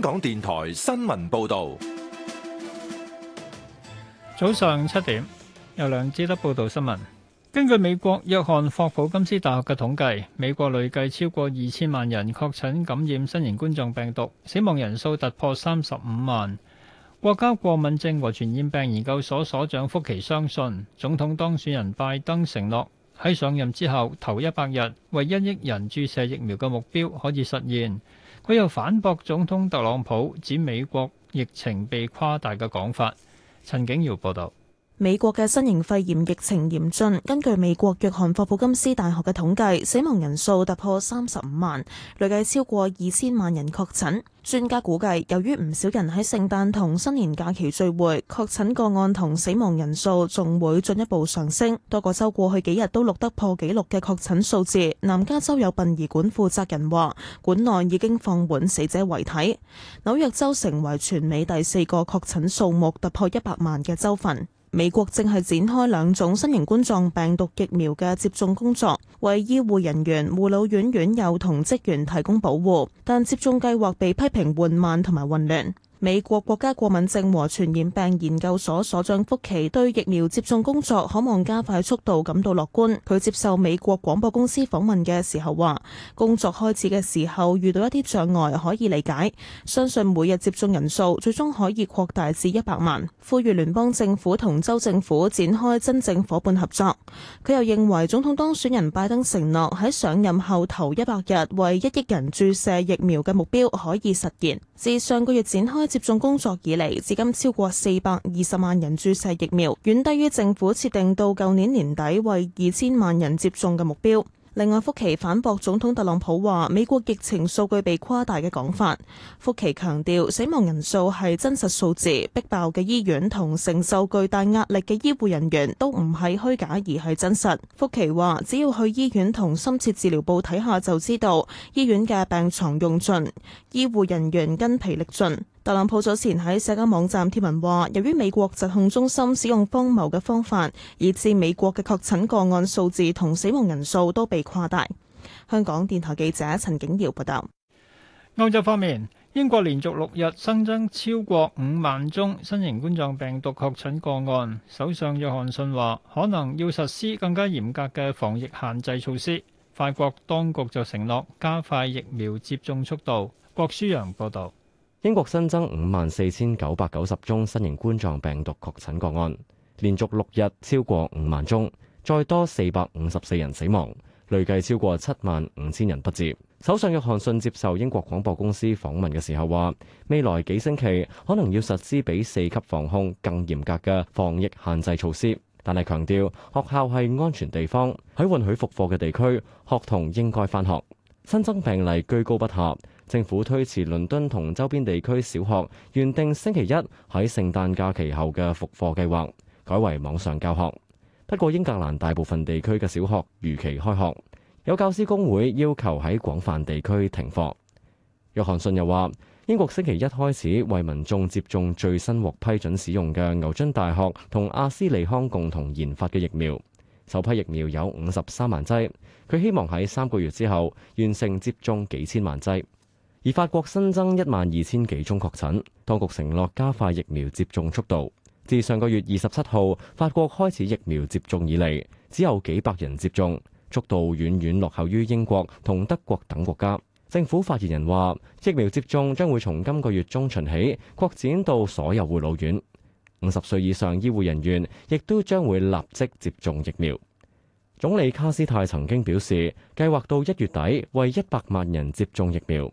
香港電台新聞報道，早上七點由梁志德報道新聞。根據美國約翰霍普，普金斯大學嘅統計，美國累計超過二千萬人確診感染新型冠狀病毒，死亡人數突破三十五萬。國家過敏症和傳染病研究所所長福奇相信，總統當選人拜登承諾喺上任之後頭一百日為一億人注射疫苗嘅目標可以實現。佢又反駁總統特朗普指美國疫情被誇大嘅講法。陳景堯報道。美國嘅新型肺炎疫情嚴峻，根據美國約翰霍普金斯大學嘅統計，死亡人數突破三十五萬，累計超過二千萬人確診。專家估計，由於唔少人喺聖誕同新年假期聚會，確診個案同死亡人數仲會進一步上升。多個州過去幾日都錄得破紀錄嘅確診數字。南加州有殯儀館負責人話，館內已經放滿死者遺體。紐約州成為全美第四個確診數目突破一百萬嘅州份。美國正係展開兩種新型冠狀病毒疫苗嘅接種工作，為醫護人員、護老院院友同職員提供保護，但接種計劃被批評緩慢同埋混亂。美國國家過敏症和傳染病研究所所長福奇對疫苗接種工作可望加快速度感到樂觀，佢接受美國廣播公司訪問嘅時候話，工作開始嘅時候遇到一啲障礙可以理解，相信每日接種人數最終可以擴大至一百萬。呼籲聯邦政府同州政府展開真正夥伴合作。佢又認為總統當選人拜登承諾喺上任後頭一百日為一億人注射疫苗嘅目標可以實現。自上個月展開。接種工作以嚟，至今超過四百二十萬人注射疫苗，遠低於政府設定到舊年年底為二千萬人接種嘅目標。另外，福奇反駁總統特朗普話美國疫情數據被誇大嘅講法。福奇強調，死亡人數係真實數字，逼爆嘅醫院同承受巨大壓力嘅醫護人員都唔係虛假而係真實。福奇話，只要去醫院同深切治療部睇下就知道，醫院嘅病床用盡，醫護人員筋疲力盡。特朗普早前喺社交網站貼文話，由於美國疾控中心使用荒謬嘅方法，以致美國嘅確診個案數字同死亡人數都被誇大。香港電台記者陳景耀報道。歐洲方面，英國連續六日新增超過五萬宗新型冠狀病毒確診個案。首相約翰遜話，可能要實施更加嚴格嘅防疫限制措施。法國當局就承諾加快疫苗接種速度。郭舒陽報道。英國新增五萬四千九百九十宗新型冠狀病毒確診個案，連續六日超過五萬宗，再多四百五十四人死亡，累計超過七萬五千人不治。首相約翰遜接受英國廣播公司訪問嘅時候話，未來幾星期可能要實施比四級防控更嚴格嘅防疫限制措施，但係強調學校係安全地方，喺允許復課嘅地區，學童應該翻學。新增病例居高不下。政府推遲倫敦同周邊地區小學原定星期一喺聖誕假期後嘅復課計劃，改為網上教學。不過英格蘭大部分地區嘅小學如期開學，有教師工會要求喺廣泛地區停課。約翰遜又話英國星期一開始為民眾接種最新獲批准使用嘅牛津大學同阿斯利康共同研發嘅疫苗。首批疫苗有五十三萬劑，佢希望喺三個月之後完成接種幾千萬劑。而法國新增一萬二千幾宗確診，當局承諾加快疫苗接種速度。自上個月二十七號法國開始疫苗接種以嚟，只有幾百人接種，速度遠遠落後於英國同德國等國家。政府發言人話，疫苗接種將會從今個月中旬起擴展到所有護老院，五十歲以上醫護人員亦都將會立即接種疫苗。總理卡斯泰曾經表示，計劃到一月底為一百萬人接種疫苗。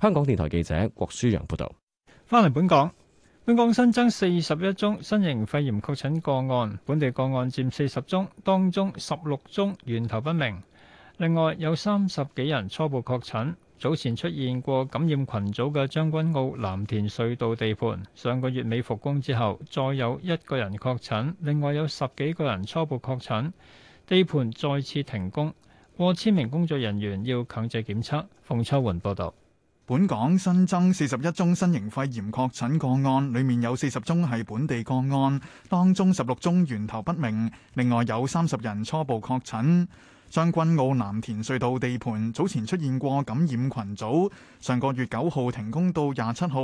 香港電台記者郭舒陽報道。翻嚟本港，本港新增四十一宗新型肺炎確診個案，本地個案佔四十宗，當中十六宗源頭不明。另外有三十幾人初步確診，早前出現過感染群組嘅將軍澳藍田隧道地盤，上個月尾復工之後，再有一個人確診，另外有十幾個人初步確診，地盤再次停工，過千名工作人員要強制檢測。馮秋雲報道。本港新增四十一宗新型肺炎確診個案，裏面有四十宗係本地個案，當中十六宗源頭不明。另外有三十人初步確診，將軍澳藍田隧道地盤早前出現過感染群組，上個月九號停工到廿七號，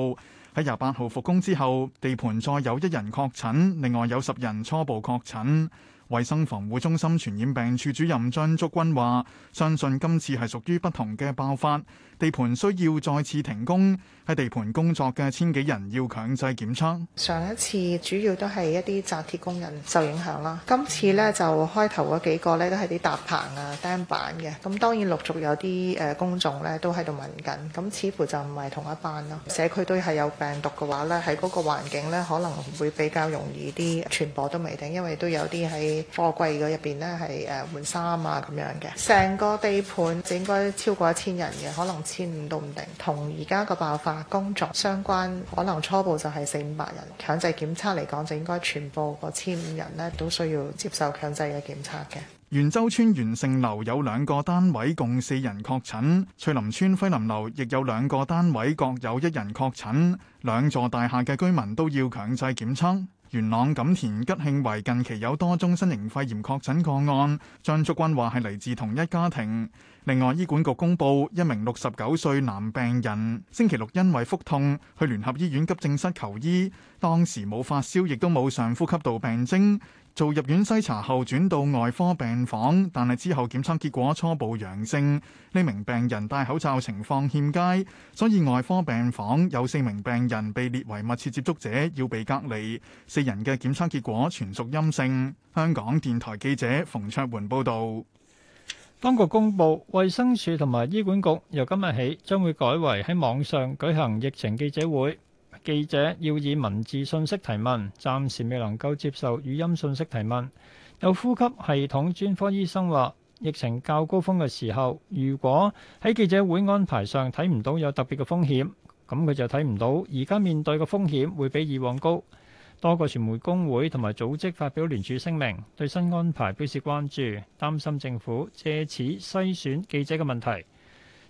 喺廿八號復工之後地盤再有一人確診，另外有十人初步確診，衛生防護中心傳染病處主任張竹君話，相信今次係屬於不同嘅爆發。地盤需要再次停工，喺地盤工作嘅千幾人要強制檢測。上一次主要都係一啲紮鐵工人受影響啦，今次咧就開頭嗰幾個咧都係啲搭棚啊、釘板嘅，咁、嗯、當然陸續有啲誒工種咧都喺度問緊，咁、嗯、似乎就唔係同一班咯。社區都係有病毒嘅話咧，喺嗰個環境咧可能會比較容易啲傳播都未定，因為都有啲喺貨櫃嗰入邊咧係誒換衫啊咁樣嘅。成個地盤應該超過一千人嘅，可能。千五都唔定，同而家個爆發工作相關，可能初步就係四五百人強制檢測嚟講，就應該全部個千五人咧都需要接受強制嘅檢測嘅。元洲村元盛樓有兩個單位共四人確診，翠林村輝林樓亦有兩個單位各有一人確診，兩座大廈嘅居民都要強制檢測。元朗、錦田、吉慶圍近期有多宗新型肺炎確診個案，張竹君話係嚟自同一家庭。另外，醫管局公布一名六十九歲男病人，星期六因為腹痛去聯合醫院急症室求醫，當時冇發燒，亦都冇上呼吸道病徵。做入院篩查後轉到外科病房，但係之後檢測結果初步陽性。呢名病人戴口罩情況欠佳，所以外科病房有四名病人被列為密切接觸者，要被隔離，四人嘅檢測結果全屬陰性。香港電台記者馮卓桓報道。當局公布，衛生署同埋醫管局由今日起將會改為喺網上舉行疫情記者會。記者要以文字信息提問，暫時未能夠接受語音信息提問。有呼吸系統專科醫生話：疫情較高峰嘅時候，如果喺記者會安排上睇唔到有特別嘅風險，咁佢就睇唔到。而家面對嘅風險會比以往高。多個傳媒工會同埋組織發表聯署聲明，對新安排表示關注，擔心政府借此篩選記者嘅問題。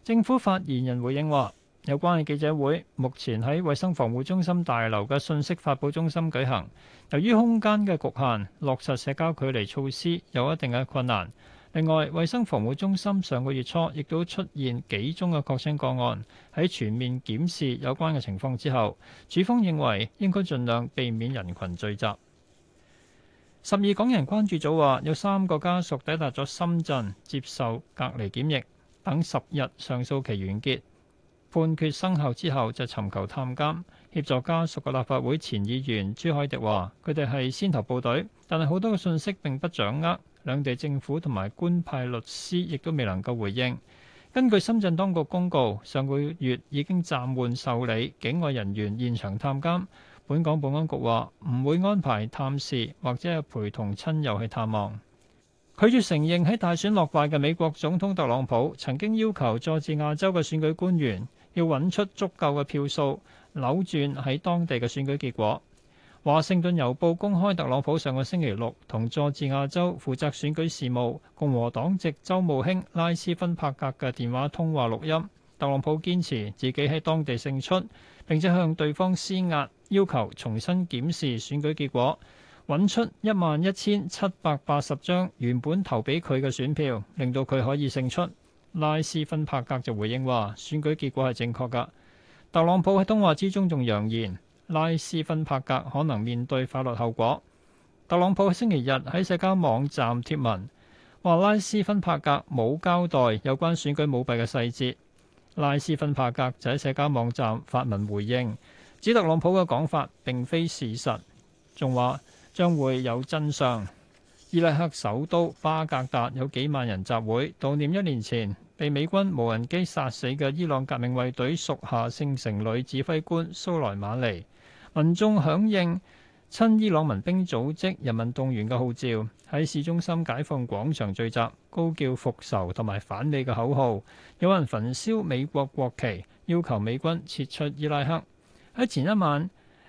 政府發言人回應話：有關嘅記者會目前喺衛生防護中心大樓嘅信息發佈中心舉行，由於空間嘅局限，落實社交距離措施有一定嘅困難。另外，衛生防護中心上個月初亦都出現幾宗嘅確診個案，喺全面檢視有關嘅情況之後，署方認為應該盡量避免人群聚集。十二港人關注組話：有三個家屬抵達咗深圳接受隔離檢疫，等十日上訴期完結。判決生效之後，就尋求探監協助家屬嘅立法會前議員朱凱迪話：佢哋係先頭部隊，但係好多嘅信息並不掌握。兩地政府同埋官派律師亦都未能夠回應。根據深圳當局公告，上個月已經暫緩受理境外人員現場探監。本港保安局話唔會安排探視或者係陪同親友去探望。拒絕承認喺大選落敗嘅美國總統特朗普曾經要求佐治亞州嘅選舉官員，要揾出足夠嘅票數扭轉喺當地嘅選舉結果。華盛頓郵報公開特朗普上個星期六同佐治亞州負責選舉事務共和黨籍州務卿拉斯芬帕格嘅電話通話錄音。特朗普堅持自己喺當地勝出，並且向對方施壓，要求重新檢視選舉結果，揾出一萬一千七百八十張原本投俾佢嘅選票，令到佢可以勝出。拉斯芬帕格就回應話：選舉結果係正確㗎。特朗普喺通話之中仲揚言，拉斯芬帕格可能面對法律後果。特朗普喺星期日喺社交網站貼文，話拉斯芬帕格冇交代有關選舉舞弊嘅細節。拉斯芬帕格就喺社交網站發文回應，指特朗普嘅講法並非事實，仲話將會有真相。伊拉克首都巴格達有幾萬人集會悼念一年前被美軍無人機殺死嘅伊朗革命衛隊屬下聖城旅指揮官蘇萊馬尼。民眾響應親伊朗民兵組織人民動員嘅號召，喺市中心解放廣場聚集，高叫復仇同埋反美嘅口號，有人焚燒美國國旗，要求美軍撤出伊拉克。喺前一晚，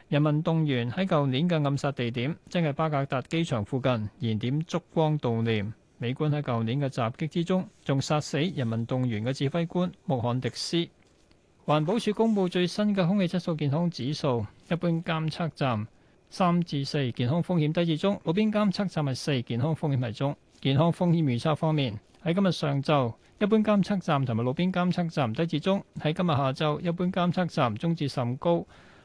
人民動員喺舊年嘅暗殺地點，即係巴格達機場附近燃點燭光悼念。美軍喺舊年嘅襲擊之中，仲殺死人民動員嘅指揮官穆罕迪斯。環保署公布最新嘅空氣質素健康指數，一般監測站三至四，健康風險低至中；路邊監測站係四，健康風險係中。健康風險預測方面，喺今日上晝，一般監測站同埋路邊監測站低至中；喺今日下晝，一般監測站中至甚高。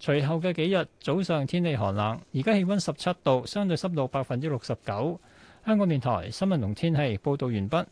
隨後嘅幾日，早上天氣寒冷，而家氣温十七度，相對濕度百分之六十九。香港電台新聞同天氣報導完畢。